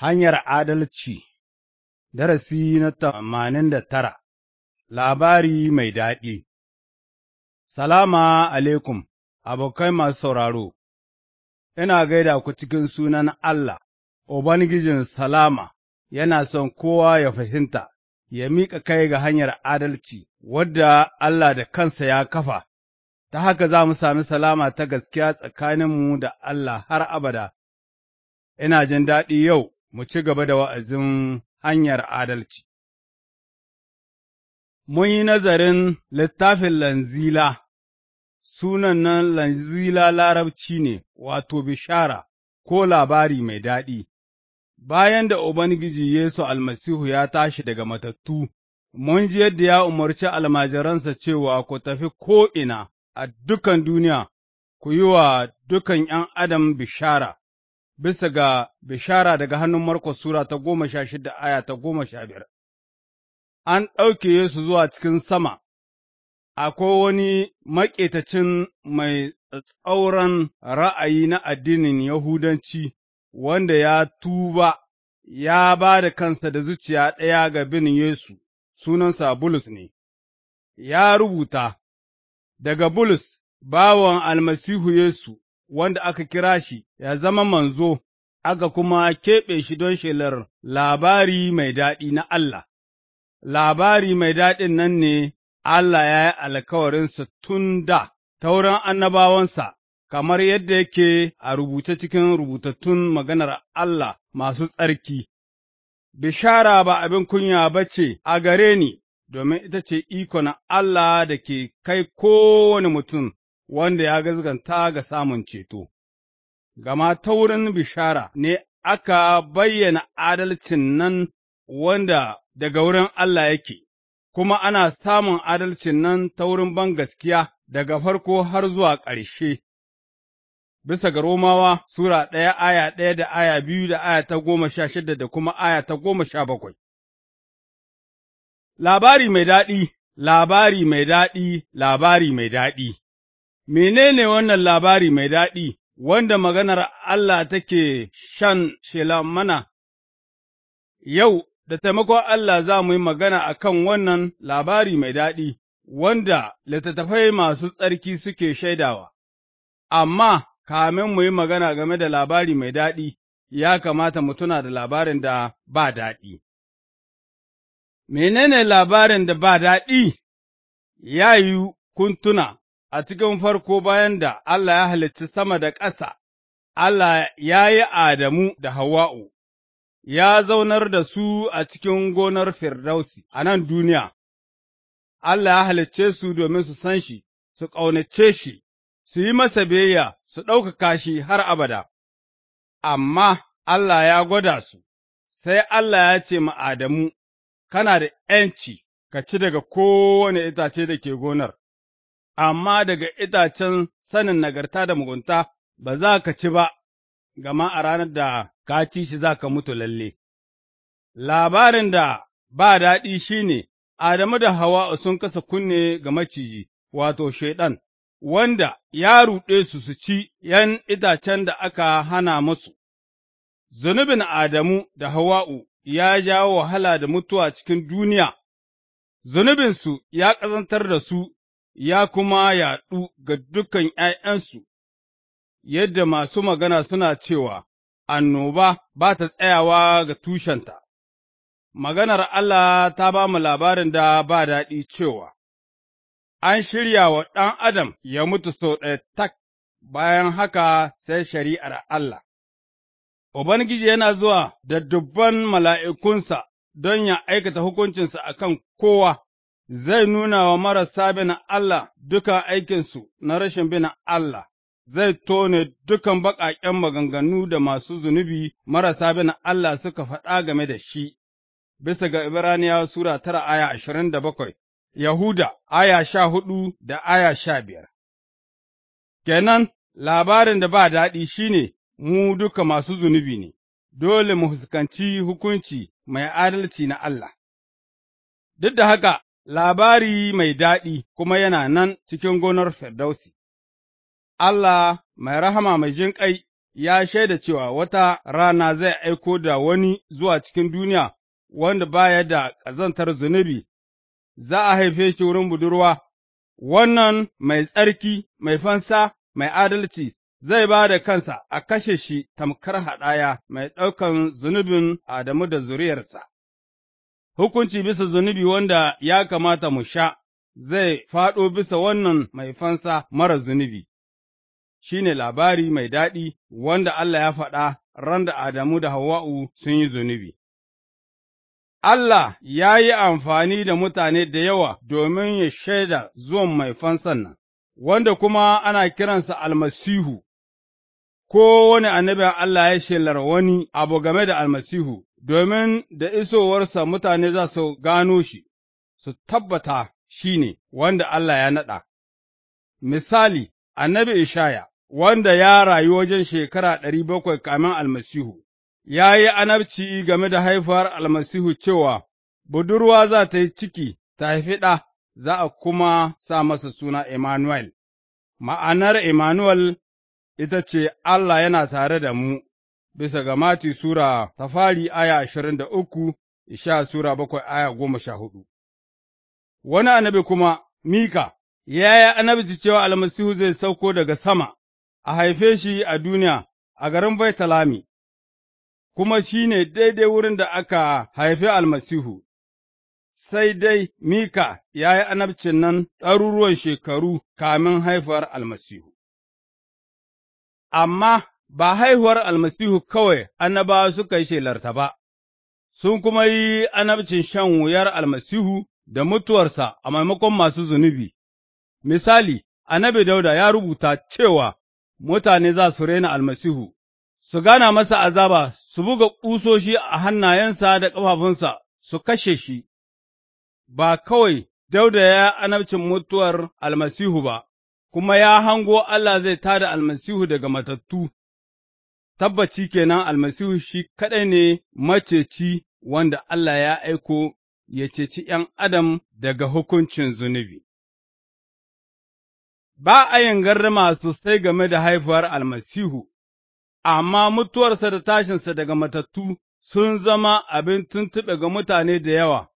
Hanyar Adalci Darasi na tamanin da tara Labari mai daɗi Salama alaikum, abokai masu sauraro, ina gaida ku cikin sunan Allah, Ubangijin Salama yana son kowa ya fahimta, ya miƙa kai ga hanyar adalci wadda Allah da kansa ya kafa, ta haka za mu sami salama ta gaskiya tsakaninmu da Allah har abada. Ina jin daɗi yau mu ci gaba da wa'azin hanyar adalci. Mun yi nazarin littafin Lanzila, sunan nan Lanzila larabci ne, wato bishara ko labari mai daɗi. Bayan da Ubangiji Yesu almasihu ya tashi daga matattu, mun ji yadda ya umarci almajiransa cewa ku tafi ko'ina a dukan duniya, ku yi wa dukan ’yan adam bishara. bisa ga bishara daga hannun Markus Sura ta goma sha shida aya ta goma sha biyar. An ɗauke Yesu zuwa cikin sama, akwai wani maƙetacin mai tsauran ra'ayi na addinin Yahudanci wanda ya tuba, ya ba da kansa da zuciya ɗaya ga bin Yesu, sunansa Bulus ne, ya rubuta, daga Bulus, bawan almasihu Yesu. wanda aka kira shi ya zama manzo, aka kuma keɓe shi don shelar labari mai daɗi na Allah. Labari mai daɗin nan ne Allah ya yi alkawarinsa tun da tauran annabawansa, kamar yadda yake a rubuce cikin rubutattun maganar Allah masu tsarki. Bishara ba abin kunya ba ce a gare ni, domin ita ce iko na Allah da ke kai kowane mutum wanda ya gazganta ga samun ceto, gama ta wurin bishara ne aka bayyana adalcin nan wanda daga wurin Allah yake, kuma ana samun adalcin nan ta wurin bangaskiya daga farko har zuwa ƙarshe. Bisa ga Romawa Sura ɗaya aya ɗaya da aya biyu da aya ta goma sha shida da kuma aya ta goma sha bakwai. Labari mai daɗi, labari mai daɗi, labari mai daɗi. Menene wannan labari mai daɗi wanda maganar Allah take shan shela mana? Yau, da taimakon Allah za mu yi magana a kan wannan labari mai daɗi wanda littattafai masu tsarki suke shaidawa, amma kamin mu yi magana game da labari mai daɗi, ya kamata mu tuna da labarin da ba daɗi. Menene labarin da ba daɗi? Ya yi kun a cikin farko bayan da Allah ya halicci sama da ƙasa, Allah ya yi Adamu da Hawa’u, ya zaunar da su a cikin gonar Firdausi a nan duniya, Allah ya halicce su domin su san shi, su ƙaunace shi, su yi masa biyayya, su ɗaukaka shi har abada, amma Allah ya gwada su, sai Allah ya ce ma Adamu, Kana da ’yanci ka ci daga kowane itace da ke gonar. amma daga itacen sanin nagarta da mugunta ba za ka ci ba, gama a ranar da ka ci shi za ka mutu lalle. Labarin da ba daɗi shi ne, Adamu da Hawa sun kasa kunne ga maciji, wato, Shaiɗan, wanda ya ruɗe su su ci ’yan itacen da aka hana musu. Zunubin Adamu da Hawa'u ya jawo wahala da mutuwa cikin duniya, zunubinsu ya ƙazantar da su ya kuma yaɗu ga dukan ’ya'yansu, yadda masu magana suna cewa, Annoba ba ta tsayawa ga tushenta, maganar Allah ta ba mu labarin da ba daɗi cewa, An shirya wa ɗan Adam ya mutu sau ɗaya tak, bayan haka sai shari'ar Allah. Ubangiji yana zuwa da dubban mala'ikunsa don ya aikata hukuncinsa a kan kowa, zai nuna wa marasa bin Allah dukan aikinsu na rashin bin Allah, zai tone dukan baƙaƙen maganganu da masu zunubi marasa bin Allah suka faɗa game da shi, bisa ga Ibraniyawa Sura tara aya ashirin da bakwai, Yahuda aya sha hudu da aya sha biyar. Kenan labarin da ba daɗi shi ne mu duka masu zunubi ne, dole mu fuskanci hukunci mai adalci na Allah. Duk da haka, labari mai daɗi kuma yana nan cikin gonar Firdausi. Allah mai rahama mai jinƙai ya shaida cewa wata rana zai aiko da wani zuwa cikin duniya wanda baya da ƙazantar zunubi, za a haife shi wurin budurwa, wannan mai tsarki, mai fansa, mai adalci, zai ba da kansa a kashe shi tamkar haɗaya mai ɗaukan zunubin Adamu da zuriyarsa. hukunci bisa zunubi wanda ya kamata mu sha zai faɗo bisa wannan mai fansa mara zunubi, shi ne labari mai daɗi wanda Allah ya faɗa ran da Adamu da Hawa’u sun yi zunubi. Allah ya yi amfani da mutane da yawa domin ya shaida zuwan mai fansan nan, wanda kuma ana kiransa almasihu, ko wani annabin Allah ya shelar wani abu game da almasihu domin da isowarsa mutane za su gano shi, su tabbata shi ne wanda Allah ya naɗa. Misali, annabi Ishaya, wanda ya rayu wajen shekara ɗari bakwai kamin almasihu, ya yi anabci game da haifar almasihu cewa, Budurwa za ta yi ciki ta haifi ɗa, za a kuma sa masa suna Emmanuel. Ma'anar Emmanuel ita ce Allah yana tare da mu. bisa ga Mati Sura ta fari aya ashirin da uku, Isha Sura bakwai aya goma sha hudu. Wani annabi kuma, Mika, ya yi annabci cewa almasihu zai sauko daga sama, a haife shi a duniya a garin Baitalami, kuma shi ne daidai wurin da aka haife almasihu. Sai dai Mika ya yi annabcin nan ɗaruruwan shekaru kamin haifar almasihu. Amma ba haihuwar almasihu kawai annabawa suka yi shelarta ba, sun kuma yi annabcin shan wuyar almasihu da mutuwarsa a maimakon masu zunubi. Misali, annabi Dauda ya rubuta cewa mutane za su rena almasihu, su gana masa azaba, su buga ƙusoshi a hannayensa da ƙafafunsa, su kashe shi, ba kawai Dauda ya annabcin mutuwar almasihu ba, kuma ya hango Allah zai tada almasihu daga matattu, tabbaci kenan almasihu shi kaɗai ne maceci wanda Allah ya aiko ya ceci ’yan adam daga hukuncin zunubi. Ba a yin masu sosai game da haifuwar almasihu, amma mutuwarsa da tashinsa daga matattu sun zama abin tuntuɓe ga mutane da yawa,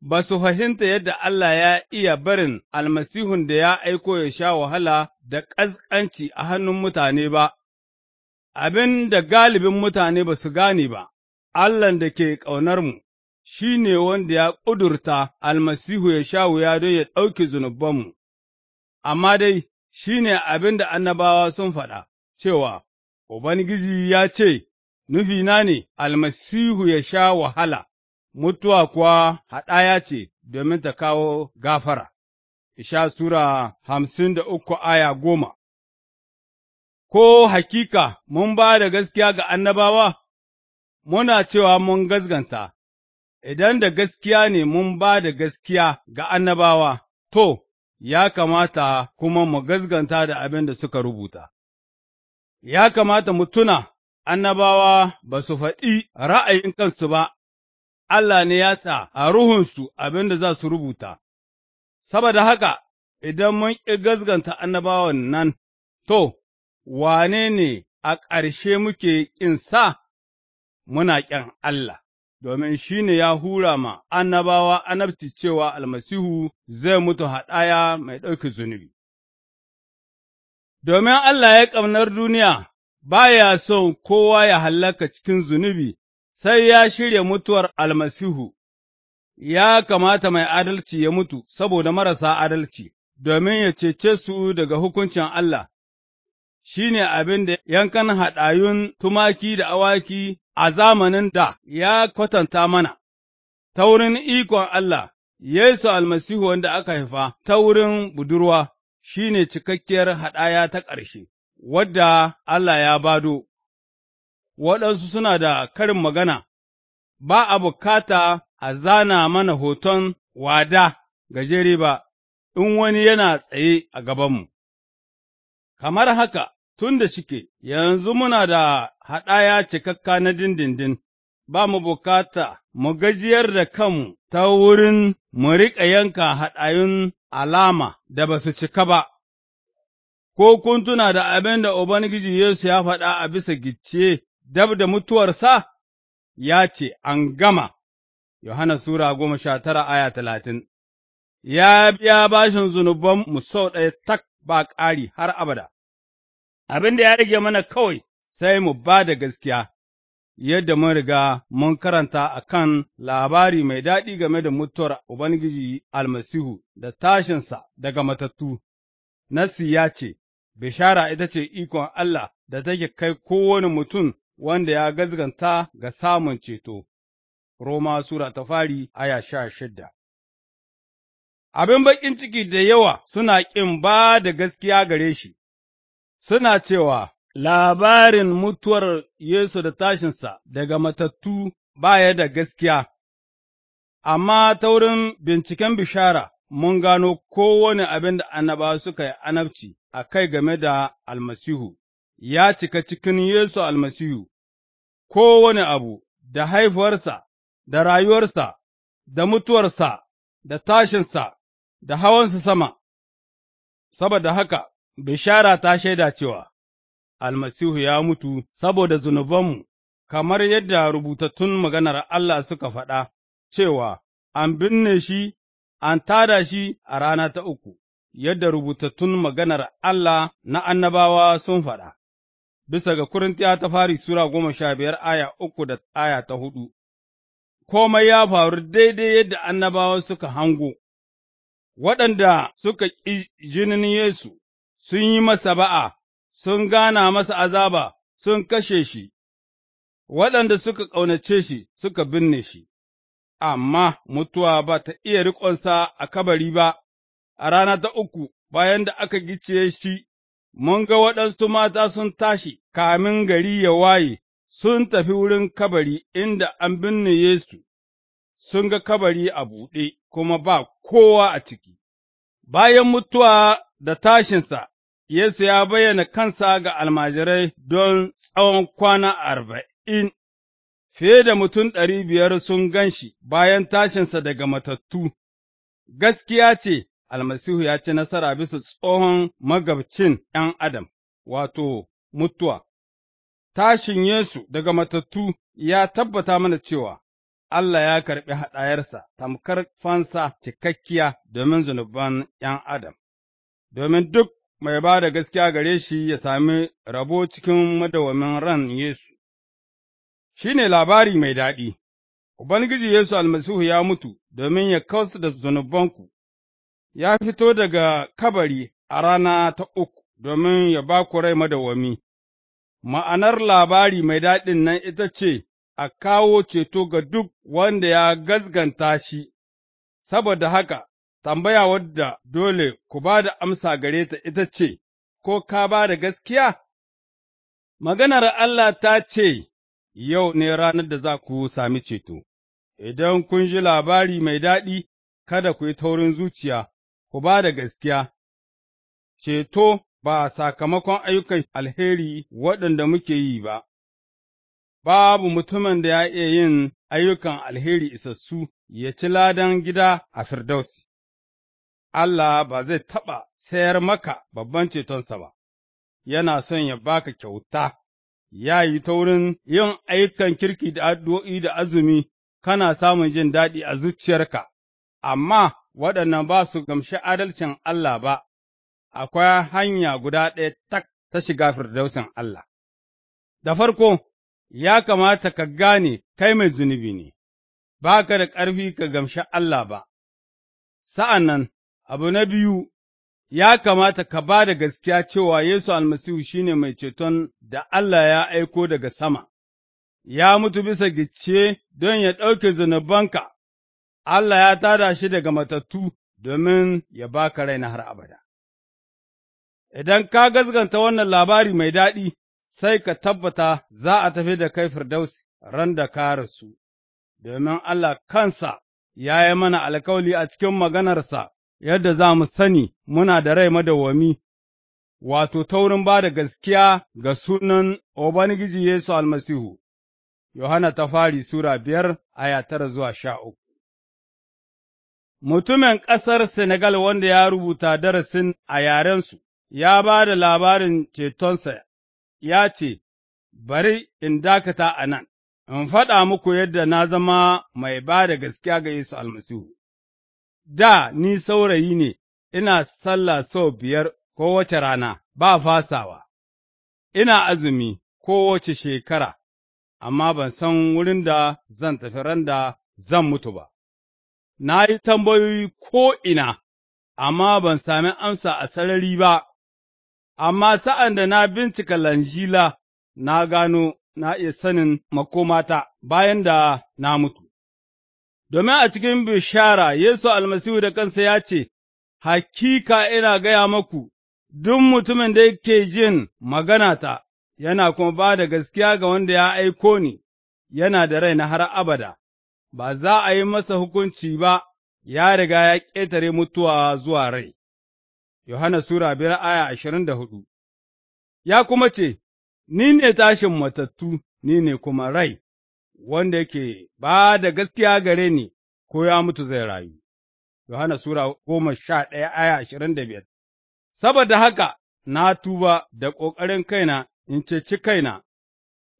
ba su fahimta yadda Allah ya iya barin almasihun da ya aiko ya sha wahala da ƙasƙanci a hannun mutane ba, abin da galibin mutane ba su gane ba, Allahn da ke ƙaunarmu shi ne wanda ya ƙudurta almasihu ya sha wuya don ya ɗauki zunubanmu, amma dai shi ne abin da annabawa sun faɗa cewa, Ubangiji ya ce, Nufina ne almasihu ya sha wahala, mutuwa kuwa haɗaya ce domin ta kawo gafara. Isha Sura hamsin da uku aya goma ko hakika mun ba da gaskiya ga annabawa, muna cewa mun gazganta, idan da gaskiya ne mun ba da gaskiya ga annabawa, to, ya kamata kuma mu gazganta da abin da suka rubuta. Ya kamata mu tuna annabawa ba su faɗi ra'ayin kansu ba, Allah ne ya sa a ruhunsu abin da za su rubuta, saboda haka idan mun ƙi gazganta annabawan nan, to, wane ne a ƙarshe muke ƙinsa? Muna ƙyan Allah, domin shi ne ya hura ma annabawa anabti cewa almasihu zai mutu haɗaya mai ɗauki zunubi. Domin Allah ya ƙaunar duniya, ba ya son kowa ya hallaka cikin zunubi, sai ya shirya mutuwar almasihu, ya kamata mai adalci ya mutu saboda marasa adalci, domin ya cece su daga hukuncin Allah. shi ne abin da yankan haɗayun tumaki da awaki a zamanin da ya kwatanta mana, ta wurin ikon Allah, Yesu almasihu wanda aka haifa ta wurin budurwa shi ne cikakkiyar haɗaya ta ƙarshe, wadda Allah ya bado. Waɗansu suna da karin magana, ba a bukata a zana mana hoton wada gajere ba, in wani yana tsaye a gabanmu. Kamar haka, tun da shike yanzu muna da haɗaya cikakka na dindindin, ba mu bukata mu gajiyar da kanmu ta wurin mu riƙa yanka haɗayun alama da ba su cika ba, ko kun tuna da abin da Ubangiji Yesu ya faɗa a bisa gicce dab da mutuwarsa, ya ce, An gama, Yohana Sura goma sha tara aya talatin, ya biya bashin zunubanmu sau ɗaya tak ba ƙari har abada. abin da ya rage mana kawai sai mu ba da gaskiya, yadda mun riga mun karanta a kan labari mai daɗi game da mutuwar Ubangiji almasihu da tashinsa daga matattu, Nassi ya ce, Bishara ita ce ikon Allah da take kai kowane mutum wanda ya gazganta ga samun ceto, Roma Sura ta fari aya sha shidda. Abin baƙin ciki da yawa suna ƙin ba da gaskiya gare shi, suna cewa labarin mutuwar Yesu da tashinsa daga matattu baya da gaskiya, amma ta wurin binciken bishara mun gano kowane abin da annabawa suka yi anabci a kai game da almasihu, ya cika cikin Yesu almasihu, kowane abu da haifuwarsa, da rayuwarsa, da mutuwarsa, da tashinsa, da hawansa sama, saboda haka bishara ta shaida cewa almasihu ya mutu saboda zunubanmu, kamar yadda rubutattun maganar Allah suka faɗa cewa an binne shi, an tada shi a rana ta uku, yadda rubutattun maganar Allah na annabawa sun faɗa. Bisa ga Kurintiya ta fari Sura goma sha biyar aya uku da aya ta hudu, komai ya faru daidai yadda annabawa suka hango, waɗanda suka ƙi jinin Yesu sun yi masa ba'a, sun gana masa azaba, sun kashe shi, waɗanda suka ƙaunace shi suka binne shi, amma mutuwa ba ta iya riƙonsa a kabari ba, a rana ta uku bayan da aka gice shi, mun ga waɗansu mata sun tashi kamin gari ya waye, sun tafi wurin kabari inda an binne Yesu. sun ga kabari a buɗe kuma ba kowa a ciki, bayan mutuwa da tashinsa Yesu ya bayyana kansa ga almajirai don tsawon kwana arba'in, fiye da mutum ɗari biyar sun gan shi bayan tashinsa daga matattu, gaskiya ce almasihu ya ci nasara bisa tsohon magabcin ’yan Adam, wato, mutuwa. Tashin Yesu daga matattu ya tabbata mana cewa Allah ya karɓi haɗayarsa tamkar fansa cikakkiya domin zunuban ’yan Adam, domin duk mai ba da gaskiya gare shi ya sami rabo cikin madawamin ran Yesu. Shi ne labari mai daɗi, Ubangiji Yesu almasihu ya mutu domin ya kausa da zunubanku, ya fito daga kabari a rana ta uku domin ya ba ku rai madawami. Ma'anar labari mai daɗin nan ita ce, a kawo ceto ga duk wanda ya gazganta shi, saboda haka tambaya wadda dole ku ba da amsa gare ta ita ce, Ko ka ba da gaskiya? Maganar Allah ta ce, Yau ne ranar da za ku sami ceto, idan kun ji labari mai daɗi, kada ku yi taurin zuciya, ku ba da gaskiya. Ceto ba sakamakon ayyukan alheri waɗanda muke yi ba, babu mutumin da ya iya yin ayyukan alheri isassu ya ci ladan gida a Firdausi. Allah ba zai taɓa sayar maka babban cetonsa ba, yana son ya baka kyauta, ya yi ta wurin yin ayyukan kirki da addu'o'i da azumi, kana samun jin daɗi a zuciyarka, amma waɗannan ba su gamshi adalcin Allah ba, akwai hanya guda ɗaya tak ta shiga firdausin Allah. Da farko, ya kamata ka gane kai mai zunubi ne, ba ka da ƙarfi ka gamshi Allah ba, sa'an nan Abu na biyu, ya kamata ka ba da gaskiya cewa Yesu almasihu shi ne mai ceton da Allah ya aiko daga sama, ya mutu bisa gice don ya ɗauke zunubanka, Allah ya tada shi daga matattu domin ya ba baka raina har abada. Idan ka gazganta wannan labari mai daɗi, sai ka tabbata za a tafi da kai Firdausi ran da ka rasu, domin Allah kansa ya yi mana alkawali a cikin maganarsa yadda za mu sani muna da rai madawwami, wato, taurin ba da gaskiya ga sunan Ubangiji Yesu almasihu, Yohana ta fari Sura biyar aya tara zuwa sha uku. Mutumin ƙasar Senegal wanda ya rubuta darasin a yarensu, ya ba da labarin cetonsa, ya ce, Bari in dakata a nan, in faɗa muku yadda na zama mai ba da gaskiya ga Yesu almasihu. da ni saurayi ne, ina sallah sau biyar kowace rana, ba fasawa, ina azumi kowace shekara, amma ban san wurin da zan tafi ran da zan mutu ba. Na yi tambayoyi ko'ina, amma ban sami amsa a sarari ba, amma sa'an da na bincika lanjila na gano na iya sanin makomata bayan da na mutu. domin a cikin bishara Yesu almasihu da kansa ya ce, Hakika ina gaya maku, duk mutumin da yake jin maganata, yana kuma ba da gaskiya ga wanda ya aiko ni, yana da rai na har abada, ba za a yi masa hukunci ba, ya riga ya ƙetare mutuwa zuwa rai. Yohana Sura biyar aya ashirin da hudu Ya kuma ce, Ni ne tashin matattu, ni ne kuma rai, wanda yake ba da gaskiya gare ni ko ya mutu zai rayu. Yohana Sura goma sha ɗaya aya ashirin da biyar. Saboda haka na tuba da ƙoƙarin kaina in ceci kaina,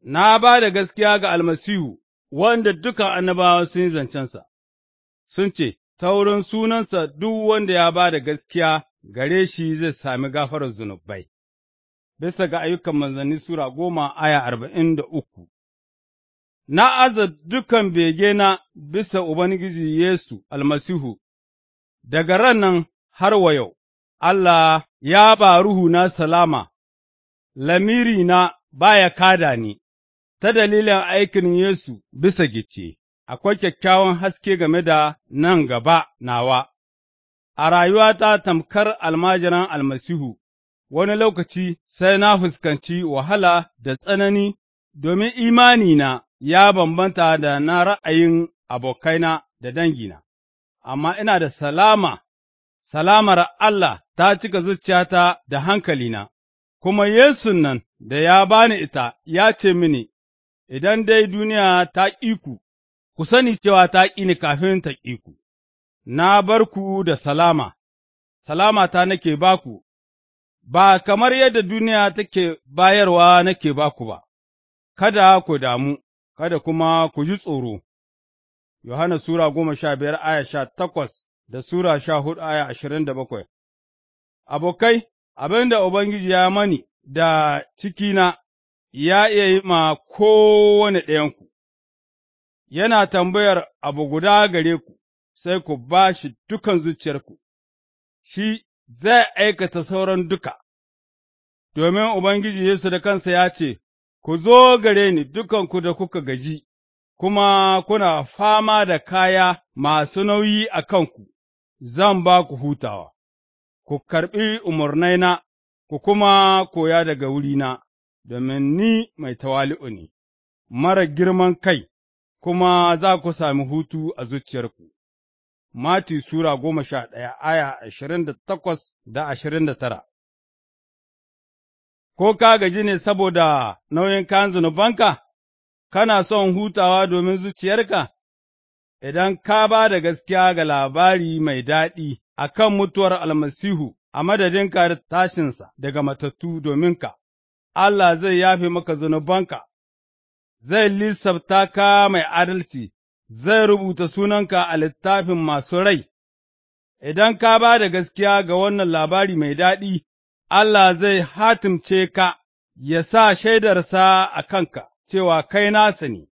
na ba da gaskiya ga almasihu wanda dukan annabawa sun yi zancensa, sun ce, Ta wurin sunansa duk wanda ya ba da gaskiya gare shi zai sami gafarar zunubai. Bisa ga ayyukan manzanni Sura goma aya arba'in da uku. na aza dukan begena bisa Ubangiji Yesu almasihu, daga ran har wa yau, Allah ya ba na salama, Lamiri na baya kada ni, ta dalilin aikin Yesu bisa gice, akwai kyakkyawan haske game da nan gaba nawa, a rayuwa ta tamkar almajiran almasihu, wani lokaci sai na fuskanci wahala da tsanani domin imanina. ya bambanta da na ra'ayin abokaina da dangina, amma ina da salama, salamar Allah ta cika zuciyata da hankalina, kuma Yesu nan da ya bani ita ya ce mini, Idan dai duniya ta ƙi ku, sani cewa ta ƙi ni kafin ta ƙi ku, na bar ku da salama, salama ta nake baku, ba kamar yadda duniya take bayarwa nake baku ba, kada ku damu. kada kuma ku ji tsoro. Yohana Sura goma sha biyar aya sha takwas da Sura sha hudu aya ashirin da bakwai Abokai, abin da Ubangiji ya mani da cikina ya iya yi ma kowane ɗayanku, yana tambayar abu guda gare ku, sai ku ba shi dukan zuciyarku, shi zai aikata sauran duka, domin Ubangiji Yesu da kansa ya ce, Ku zo gare ni dukanku da kuka gaji, kuma kuna fama da kaya masu nauyi a kanku, zan ba ku hutawa, ku karɓi umarnaina, ku kuma koya daga wurina, domin ni mai tawali'u ne, mara girman kai, kuma za ku sami hutu a zuciyarku. Mati Sura goma sha ɗaya aya ashirin da takwas da ashirin da tara ko ka gaji ne saboda nauyin kayan zunubanka, kana son hutawa domin zuciyarka, idan ka ba da gaskiya ga labari mai daɗi a kan mutuwar almasihu a madadinka da tashinsa daga matattu dominka, Allah zai yafe maka zunubanka, zai lissafta ka mai adalci, zai rubuta sunanka a littafin masu rai, idan ka ba da gaskiya ga wannan labari mai daɗi. Allah zai hatimce ka, ya sa shaidarsa a kanka cewa kai nasa ne,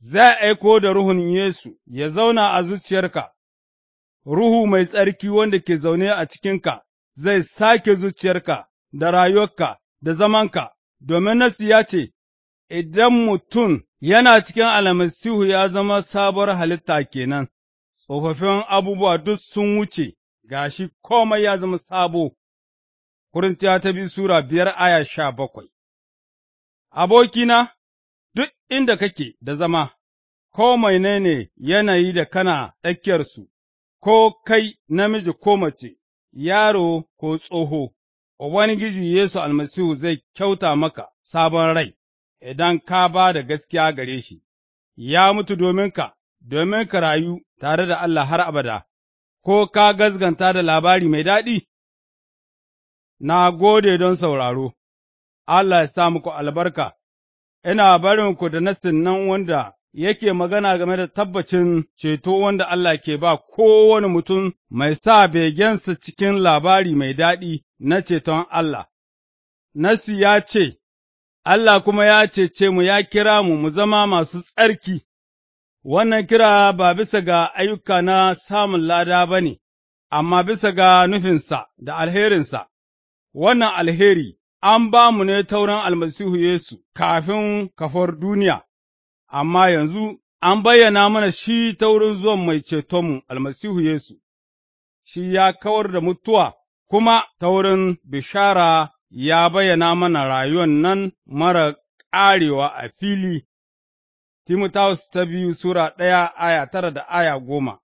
zai aiko da Ruhun Yesu ya zauna a zuciyarka, Ruhu mai tsarki wanda ke zaune a cikinka zai sake zuciyarka da rayuwarka da zamanka, domin nasi ya ce, Idan mutum yana cikin almasihu ya zama sabuwar halitta kenan, tsofaffin abubuwa duk sun wuce, gashi komai ya zama sabo. Korintiyawa ta biyu Sura biyar aya sha bakwai Abokina, duk inda kake da zama, ko mai ne yanayi da kana tsakiyarsu, ko kai namiji ko mace, yaro ko tsoho, Ubangiji Yesu almasihu zai kyauta maka sabon rai, idan ka ba da gaskiya gare shi, ya mutu domin ka domin ka rayu tare da Allah har abada, ko ka gazganta da labari mai daɗi. na gode don sauraro, Allah ya sa muku albarka, ina barin ku da nassin nan wanda yake magana game da tabbacin ceto wanda Allah ke ba kowane mutum mai sa begensa cikin labari mai daɗi na ceton Allah. Nasi ya ce, Allah kuma ya cece mu ya kira mu mu zama masu tsarki, wannan kira ba bisa ga ayyuka na samun lada ba ne, amma bisa ga nufinsa da alherinsa, wannan alheri an ba mu ne taurin almasihu Yesu kafin kafar duniya, amma yanzu an bayyana mana shi taurin zuwan mai cetonmu almasihu Yesu, shi ya kawar da mutuwa kuma taurin bishara ya bayyana mana rayuwan nan mara ƙarewa a fili. Timotaus ta biyu Sura ɗaya aya tara da aya goma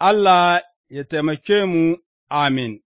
Allah ya taimake mu, amin.